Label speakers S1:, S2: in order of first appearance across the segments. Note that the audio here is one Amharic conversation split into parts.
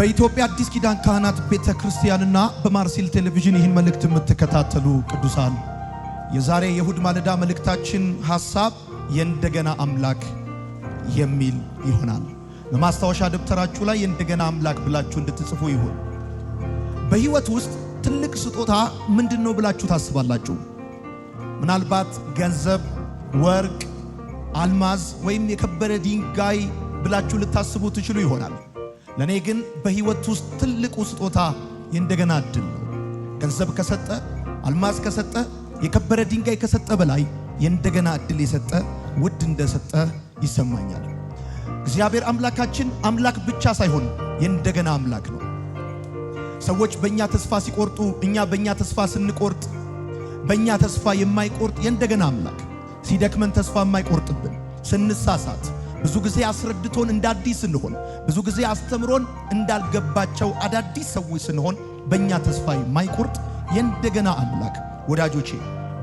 S1: በኢትዮጵያ አዲስ ኪዳን ካህናት ቤተ ክርስቲያንና በማርሴል ቴሌቪዥን ይህን መልእክት የምትከታተሉ ቅዱሳን የዛሬ የእሁድ ማለዳ መልእክታችን ሐሳብ የእንደገና አምላክ የሚል ይሆናል። በማስታወሻ ደብተራችሁ ላይ የእንደገና አምላክ ብላችሁ እንድትጽፉ ይሁን። በሕይወት ውስጥ ትልቅ ስጦታ ምንድን ነው ብላችሁ ታስባላችሁ? ምናልባት ገንዘብ፣ ወርቅ፣ አልማዝ ወይም የከበረ ድንጋይ ብላችሁ ልታስቡ ትችሉ ይሆናል። ለእኔ ግን በሕይወት ውስጥ ትልቁ ስጦታ የእንደገና እድል ነው። ገንዘብ ከሰጠ፣ አልማዝ ከሰጠ፣ የከበረ ድንጋይ ከሰጠ በላይ የእንደገና እድል የሰጠ ውድ እንደሰጠ ይሰማኛል። እግዚአብሔር አምላካችን አምላክ ብቻ ሳይሆን የእንደገና አምላክ ነው። ሰዎች በእኛ ተስፋ ሲቆርጡ፣ እኛ በእኛ ተስፋ ስንቆርጥ፣ በእኛ ተስፋ የማይቆርጥ የእንደገና አምላክ ሲደክመን ተስፋ የማይቆርጥብን ስንሳሳት ብዙ ጊዜ አስረድቶን እንደ አዲስ ስንሆን፣ ብዙ ጊዜ አስተምሮን እንዳልገባቸው አዳዲስ ሰዎች ስንሆን በእኛ ተስፋ የማይቆርጥ የእንደገና አምላክ ወዳጆቼ፣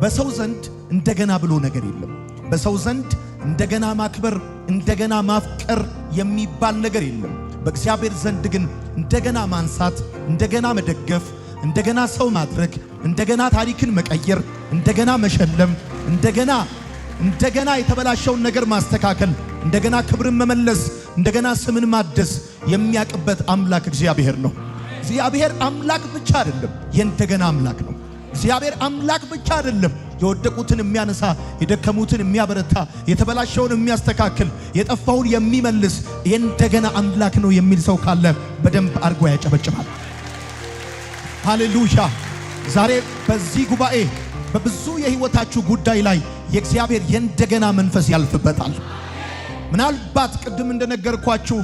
S1: በሰው ዘንድ እንደገና ብሎ ነገር የለም። በሰው ዘንድ እንደገና ማክበር እንደገና ማፍቀር የሚባል ነገር የለም። በእግዚአብሔር ዘንድ ግን እንደገና ማንሳት፣ እንደገና መደገፍ፣ እንደገና ሰው ማድረግ፣ እንደገና ታሪክን መቀየር፣ እንደገና መሸለም፣ እንደገና እንደገና የተበላሸውን ነገር ማስተካከል እንደገና ክብርን መመለስ፣ እንደገና ስምን ማደስ የሚያቅበት አምላክ እግዚአብሔር ነው። እግዚአብሔር አምላክ ብቻ አይደለም፣ የእንደገና አምላክ ነው። እግዚአብሔር አምላክ ብቻ አይደለም፣ የወደቁትን የሚያነሳ የደከሙትን የሚያበረታ የተበላሸውን የሚያስተካክል የጠፋውን የሚመልስ የእንደገና አምላክ ነው የሚል ሰው ካለ በደንብ አድርጎ ያጨበጭባል። ሃሌሉያ! ዛሬ በዚህ ጉባኤ በብዙ የህይወታችሁ ጉዳይ ላይ የእግዚአብሔር የእንደገና መንፈስ ያልፍበታል። ምናልባት ቅድም እንደነገርኳችሁ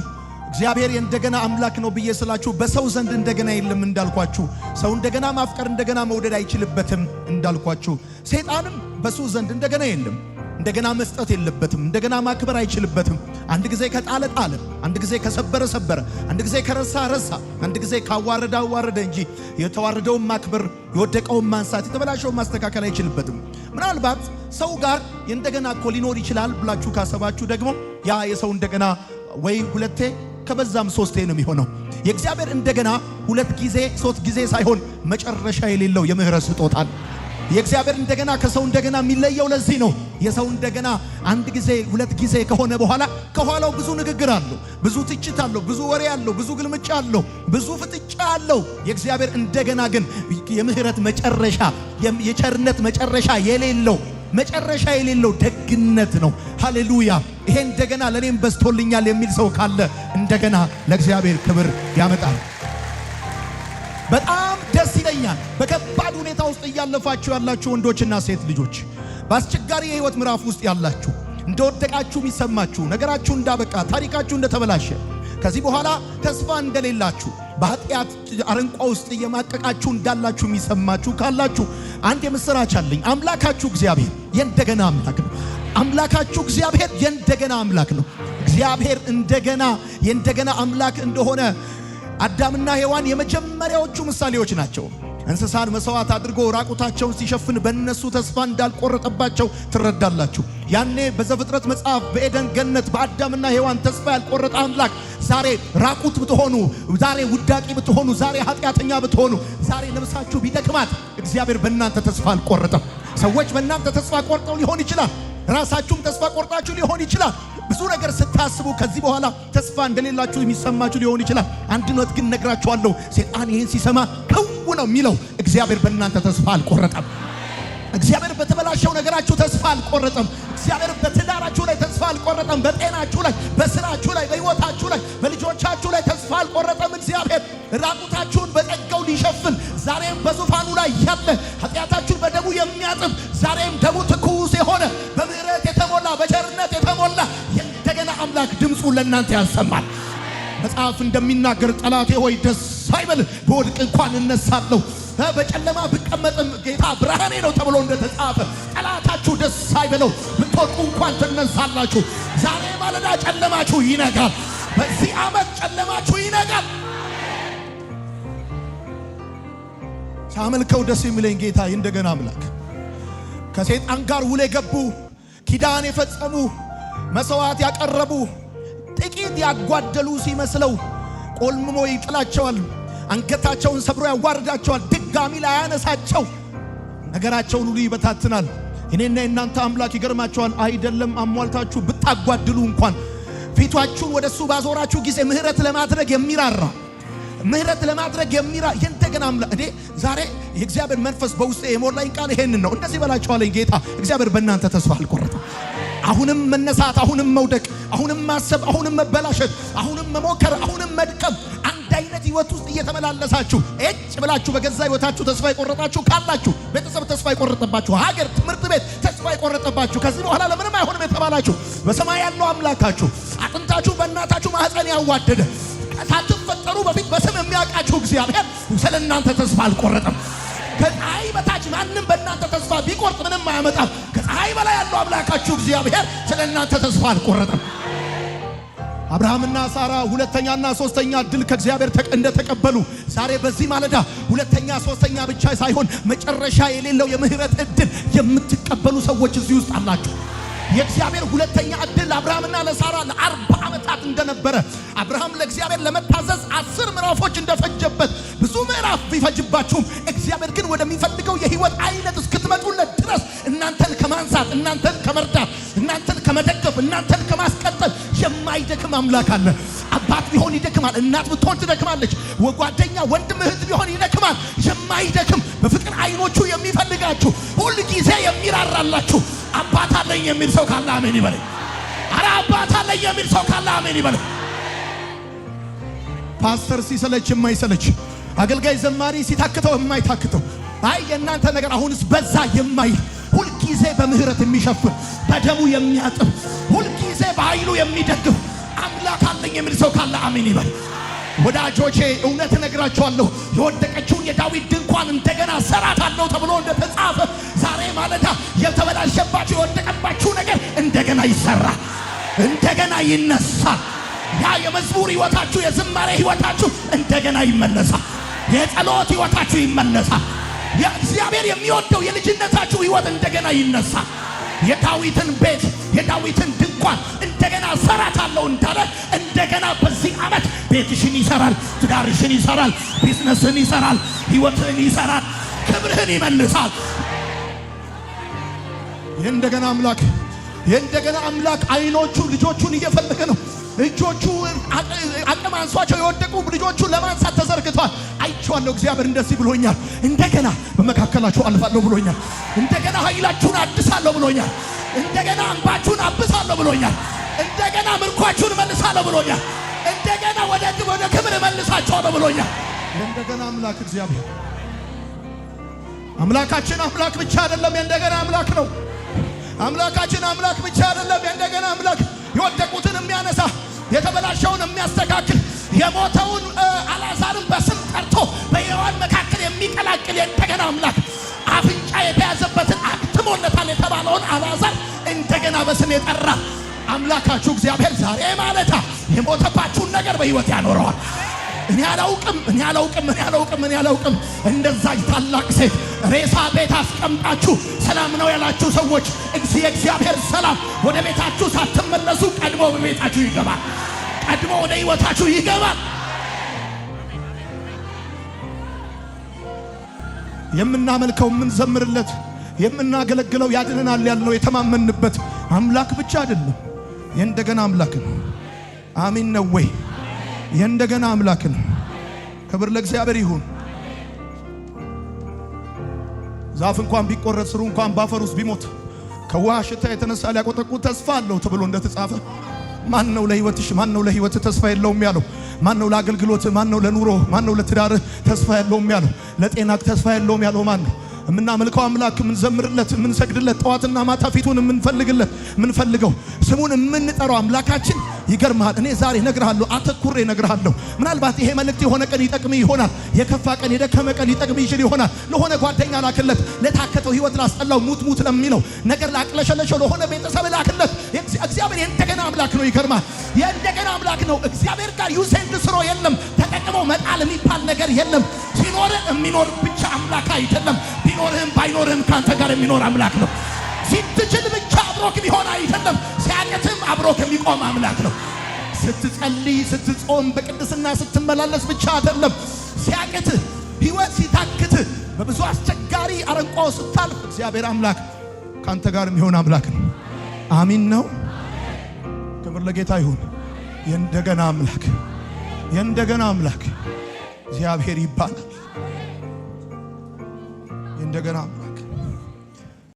S1: እግዚአብሔር እንደገና አምላክ ነው ብዬ ስላችሁ በሰው ዘንድ እንደገና የለም እንዳልኳችሁ፣ ሰው እንደገና ማፍቀር እንደገና መውደድ አይችልበትም እንዳልኳችሁ፣ ሰይጣንም በሱ ዘንድ እንደገና የለም እንደገና መስጠት የለበትም እንደገና ማክበር አይችልበትም። አንድ ጊዜ ከጣለ ጣለ፣ አንድ ጊዜ ከሰበረ ሰበረ፣ አንድ ጊዜ ከረሳ ረሳ፣ አንድ ጊዜ ካዋረደ አዋረደ እንጂ የተዋረደውን ማክበር የወደቀውን ማንሳት የተበላሸውን ማስተካከል አይችልበትም። ምናልባት ሰው ጋር እንደገና እኮ ሊኖር ይችላል ብላችሁ ካሰባችሁ ደግሞ ያ የሰው እንደገና ወይ ሁለቴ ከበዛም ሶስቴ ነው የሚሆነው። የእግዚአብሔር እንደገና ሁለት ጊዜ ሶስት ጊዜ ሳይሆን መጨረሻ የሌለው የምህረት ስጦታል። የእግዚአብሔር እንደገና ከሰው እንደገና የሚለየው ለዚህ ነው። የሰው እንደገና አንድ ጊዜ ሁለት ጊዜ ከሆነ በኋላ ከኋላው ብዙ ንግግር አለው፣ ብዙ ትችት አለው፣ ብዙ ወሬ አለው፣ ብዙ ግልምጫ አለው፣ ብዙ ፍጥጫ አለው። የእግዚአብሔር እንደገና ግን የምህረት መጨረሻ የቸርነት መጨረሻ የሌለው መጨረሻ የሌለው ደግነት ነው። ሃሌሉያ! ይሄ እንደገና ለእኔም በዝቶልኛል የሚል ሰው ካለ እንደገና ለእግዚአብሔር ክብር ያመጣል። በጣም ደስ ይለኛል። በከባድ ሁኔታ ውስጥ እያለፋችሁ ያላችሁ ወንዶችና ሴት ልጆች በአስቸጋሪ የህይወት ምዕራፍ ውስጥ ያላችሁ እንደወደቃችሁ የሚሰማችሁ ነገራችሁ እንዳበቃ ታሪካችሁ እንደተበላሸ ከዚህ በኋላ ተስፋ እንደሌላችሁ በኃጢአት አረንቋ ውስጥ እየማቀቃችሁ እንዳላችሁ የሚሰማችሁ ካላችሁ አንድ የምሥራች አለኝ። አምላካችሁ እግዚአብሔር የእንደገና አምላክ ነው። አምላካችሁ እግዚአብሔር የእንደገና አምላክ ነው። እግዚአብሔር እንደገና የእንደገና አምላክ እንደሆነ አዳምና ሔዋን የመጀመሪያዎቹ ምሳሌዎች ናቸው። እንስሳን መስዋዕት አድርጎ ራቁታቸውን ሲሸፍን በእነሱ ተስፋ እንዳልቆረጠባቸው ትረዳላችሁ። ያኔ በዘፍጥረት መጽሐፍ በኤደን ገነት በአዳምና ሔዋን ተስፋ ያልቆረጠ አምላክ ዛሬ ራቁት ብትሆኑ፣ ዛሬ ውዳቂ ብትሆኑ፣ ዛሬ ኃጢአተኛ ብትሆኑ፣ ዛሬ ነብሳችሁ ቢደክማት፣ እግዚአብሔር በእናንተ ተስፋ አልቆረጠም። ሰዎች በእናንተ ተስፋ ቆርጠው ሊሆን ይችላል ራሳችሁም ተስፋ ቆርጣችሁ ሊሆን ይችላል። ብዙ ነገር ስታስቡ ከዚህ በኋላ ተስፋ እንደሌላችሁ የሚሰማችሁ ሊሆን ይችላል። አንድ ነት ግን ነግራችኋለሁ፣ ሴጣን ይህን ሲሰማ ከው ነው የሚለው። እግዚአብሔር በእናንተ ተስፋ አልቆረጠም። እግዚአብሔር በተበላሸው ነገራችሁ ተስፋ አልቆረጠም። እግዚአብሔር በትዳራችሁ ላይ ተስፋ አልቆረጠም። በጤናችሁ ላይ፣ በስራችሁ ላይ፣ በህይወታችሁ ላይ፣ በልጆቻችሁ ላይ ተስፋ አልቆረጠም። እግዚአብሔር ራቁት ለእናንተ ያሰማል። መጽሐፍ እንደሚናገር ጠላቴ ሆይ ደስ ሳይበል በወድቅ እንኳን እነሳለሁ በጨለማ ብቀመጥም ጌታ ብርሃኔ ነው ተብሎ እንደተጻፈ ጠላታችሁ ደስ ሳይበለው ብትወድቁ እንኳን ትነሳላችሁ። ዛሬ ማለዳ ጨለማችሁ ይነጋል። በዚህ ዓመት ጨለማችሁ ይነጋል። ሳመልከው ደስ የሚለኝ ጌታ እንደገና አምላክ ከሴጣን ጋር ውል የገቡ ኪዳን የፈጸሙ መሥዋዕት ያቀረቡ ጥቂት ያጓደሉ ሲመስለው ቆልምሞ ይጥላቸዋል። አንገታቸውን ሰብሮ ያዋርዳቸዋል። ድጋሚ ላይ ያነሳቸው፣ ነገራቸውን ሁሉ ይበታትናል። እኔና የእናንተ አምላክ ይገርማቸዋል። አይደለም አሟልታችሁ ብታጓድሉ እንኳን ፊቷችሁን ወደ እሱ ባዞራችሁ ጊዜ ምሕረት ለማድረግ የሚራራ ምሕረት ለማድረግ የሚራ ይህን ተገና አምላክ እኔ ዛሬ የእግዚአብሔር መንፈስ በውስጤ የሞላኝ ቃል ይሄንን ነው። እንደዚህ በላቸዋለኝ ጌታ እግዚአብሔር በእናንተ ተስፋ አልቆረጠም። አሁንም መነሳት፣ አሁንም መውደቅ፣ አሁንም ማሰብ፣ አሁንም መበላሸት፣ አሁንም መሞከር፣ አሁንም መድከም አይነት ህይወት ውስጥ እየተመላለሳችሁ እጭ ብላችሁ በገዛ ህይወታችሁ ተስፋ የቆረጣችሁ ካላችሁ ቤተሰብ ተስፋ የቆረጠባችሁ፣ ሀገር፣ ትምህርት ቤት ተስፋ የቆረጠባችሁ ከዚህ በኋላ ለምንም አይሆንም የተባላችሁ በሰማይ ያለው አምላካችሁ አጥንታችሁ በእናታችሁ ማህፀን ያዋደደ ሳትፈጠሩ በፊት በስም የሚያውቃችሁ እግዚአብሔር ስለ እናንተ ተስፋ አልቆረጠም። ከፀሐይ በታች ማንም በእናንተ ተስፋ ቢቆርጥ ምንም አያመጣም። ከሰማይ በላይ ያለው አምላካችሁ እግዚአብሔር ስለ እናንተ ተስፋ አልቆረጠም። አብርሃምና ሳራ ሁለተኛና ሶስተኛ ድል ከእግዚአብሔር እንደተቀበሉ ዛሬ በዚህ ማለዳ ሁለተኛ ሶስተኛ ብቻ ሳይሆን መጨረሻ የሌለው የምህረት እድል የምትቀበሉ ሰዎች እዚህ ውስጥ አላችሁ። የእግዚአብሔር ሁለተኛ እድል ለአብርሃምና ለሳራ ለአርባ ዓመታት እንደነበረ አብርሃም ለእግዚአብሔር ለመታዘዝ አስር ምዕራፎች እንደፈጀበት ብዙ ምዕራፍ ቢፈጅባችሁም እግዚአብሔር ግን ወደሚፈልገው የህይወት አይነት እስክትመጡለት ድረስ እናንተን ከማንሳት እናንተን ከመርዳት እናንተን ከመደገፍ እናንተን ከማስቀጠል የማይደክም አምላክ አለ። አባት ቢሆን ይደክማል። እናት ብትሆን ትደክማለች። ጓደኛ ወንድም እህት ቢሆን ይደክማል። የማይደክም በፍቅር አይኖቹ የሚፈልጋችሁ ሁል ጊዜ የሚራራላችሁ አባት አለኝ የሚል ሰው ካለ አሜን ይበለኝ። አረ አባት አለኝ የሚል ሰው ካለ አሜን ይበለኝ። ፓስተር ሲሰለች የማይሰለች አገልጋይ ዘማሪ ሲታክተው የማይታክተው አይ የእናንተ ነገር አሁንስ በዛ የማይል ሁልጊዜ በምህረት የሚሸፍን በደሙ የሚያጥብ ሁልጊዜ በኃይሉ የሚደግፍ አምላክ አለኝ የሚል ሰው ካለ አሜን ይበል። ወዳጆቼ እውነት እነግራችኋለሁ፣ የወደቀችውን የዳዊት ድንኳን እንደገና አለው ተብሎ እንደተጻፈ ዛሬ ማለዳ የተበላሸባችሁ የወደቀባችሁ ነገር እንደገና ይሰራ፣ እንደገና ይነሳል። ያ የመዝሙር ህይወታችሁ የዝማሬ ህይወታችሁ እንደገና ይመለሳል። የጸሎት ህይወታችሁ ይመለሳል። እግዚአብሔር የሚወደው የልጅነታችሁ ሕይወት እንደገና ይነሳል። የዳዊትን ቤት የዳዊትን ድንኳን እንደገና ሰራታለሁ እንዳለ እንደገና በዚህ ዓመት ቤትሽን ይሰራል፣ ትዳርሽን ይሰራል፣ ቢዝነስን ይሰራል፣ ሕይወትን ይሰራል፣ ክብርህን ይመልሳል። የእንደገና አምላክ የእንደገና አምላክ አይኖቹ ልጆቹን እየፈለገ ነው። እጆቹ አቅም አንሷቸው የወደቁ ልጆቹ ለማንሳት ተዘርግቷል። እላችኋለሁ እግዚአብሔር እንደዚህ ብሎኛል። እንደገና በመካከላችሁ አልፋለሁ ብሎኛል። እንደገና ኃይላችሁን አድሳለሁ ብሎኛል። እንደገና እንባችሁን አብሳለሁ ብሎኛል። እንደገና ምርኳችሁን መልሳለሁ ብሎኛል። እንደገና ወደ ወደ ክብር መልሳቸዋለሁ ብሎኛል። እንደገና አምላክ እግዚአብሔር አምላካችን አምላክ ብቻ አይደለም፣ የእንደገና አምላክ ነው። አምላካችን አምላክ ብቻ አይደለም፣ የእንደገና አምላክ የወደቁትን የሚያነሳ የተበላሸውን የሚያስተካክል የሞተውን አላዛርን በስም ጠርቶ በጨዋን መካከል የሚቀላቅል እንደገና አምላክ አፍንጫ የተያዘበትን አክትሞለታል የተባለውን አልዓዛር እንደገና በስም የጠራ አምላካችሁ እግዚአብሔር ዛሬ ማለታ የሞተባችሁን ነገር በሕይወት ያኖረዋል። እኔ አላውቅም፣ እኔ አላውቅም፣ እኔ አላውቅም፣ እኔ አላውቅም። እንደዛች ታላቅ ሴት ሬሳ ቤት አስቀምጣችሁ ሰላም ነው ያላችሁ ሰዎች የእግዚአብሔር ሰላም ወደ ቤታችሁ ሳትመለሱ ቀድሞ በቤታችሁ ይገባል፣ ቀድሞ ወደ ሕይወታችሁ ይገባል። የምናመልከው የምንዘምርለት የምናገለግለው ያድነናል ያልነው የተማመንበት አምላክ ብቻ አይደለም፣ የእንደገና አምላክ ነው። አሚን ነው ወይ? የእንደገና አምላክ ነው። ክብር ለእግዚአብሔር ይሁን። ዛፍ እንኳን ቢቆረጥ ስሩ እንኳን ባፈር ውስጥ ቢሞት ከውሃ ሽታ የተነሳ ሊያቆጠቁ ተስፋ አለው ተብሎ እንደተጻፈ ማን ነው ለህይወትሽ? ማን ነው ለህይወት ተስፋ የለውም ያለው? ማን ነው ለአገልግሎት? ማን ነው ለኑሮ? ማን ነው ለትዳር ተስፋ የለውም ያለው? ለጤና ተስፋ የለውም ያለው ማን ነው? የምናመልከው አምላክ የምንዘምርለት የምንሰግድለት ጠዋትና ማታ ፊቱን የምንፈልግለት የምንፈልገው ስሙን የምንጠራው አምላካችን ይገርምሃል። እኔ ዛሬ እነግርሃለሁ፣ አተኩሬ እነግርሃለሁ። ምናልባት ይሄ መልእክት የሆነ ቀን ይጠቅም ይሆናል። የከፋ ቀን፣ የደከመ ቀን ይጠቅም ይችል ይሆናል። ለሆነ ጓደኛ ላክለት፣ ለታከተው ህይወት ላስጠላው፣ ሙት ሙት ለሚለው ነገር ላቅለሸለሸው ለሆነ ቤተሰብ ላክለት። እግዚአብሔር የእንደገና አምላክ ነው። ይገርማል። የእንደገና አምላክ ነው። እግዚአብሔር ጋር ዩሴንድ ስሮ የለም። ተጠቅሞ መጣል የሚባል ነገር የለም። ሲኖር የሚኖር ብቻ አምላክ አይደለም። ቢኖርህም ባይኖርህም ከአንተ ጋር የሚኖር አምላክ ነው። ሲትችል ብቻ አብሮክ የሚሆን አይደለም። ሲያቅትም አብሮክ የሚቆም አምላክ ነው። ስትጸልይ፣ ስትጾም፣ በቅድስና ስትመላለስ ብቻ አይደለም። ሲያቅት ህይወት ሲታክት፣ በብዙ አስቸጋሪ አረንቋ ስታልፍ እግዚአብሔር አምላክ ከአንተ ጋር የሚሆን አምላክ ነው። አሚን ነው። ክብር ለጌታ ይሁን። የእንደገና አምላክ የእንደገና አምላክ እግዚአብሔር ይባላል። የእንደገና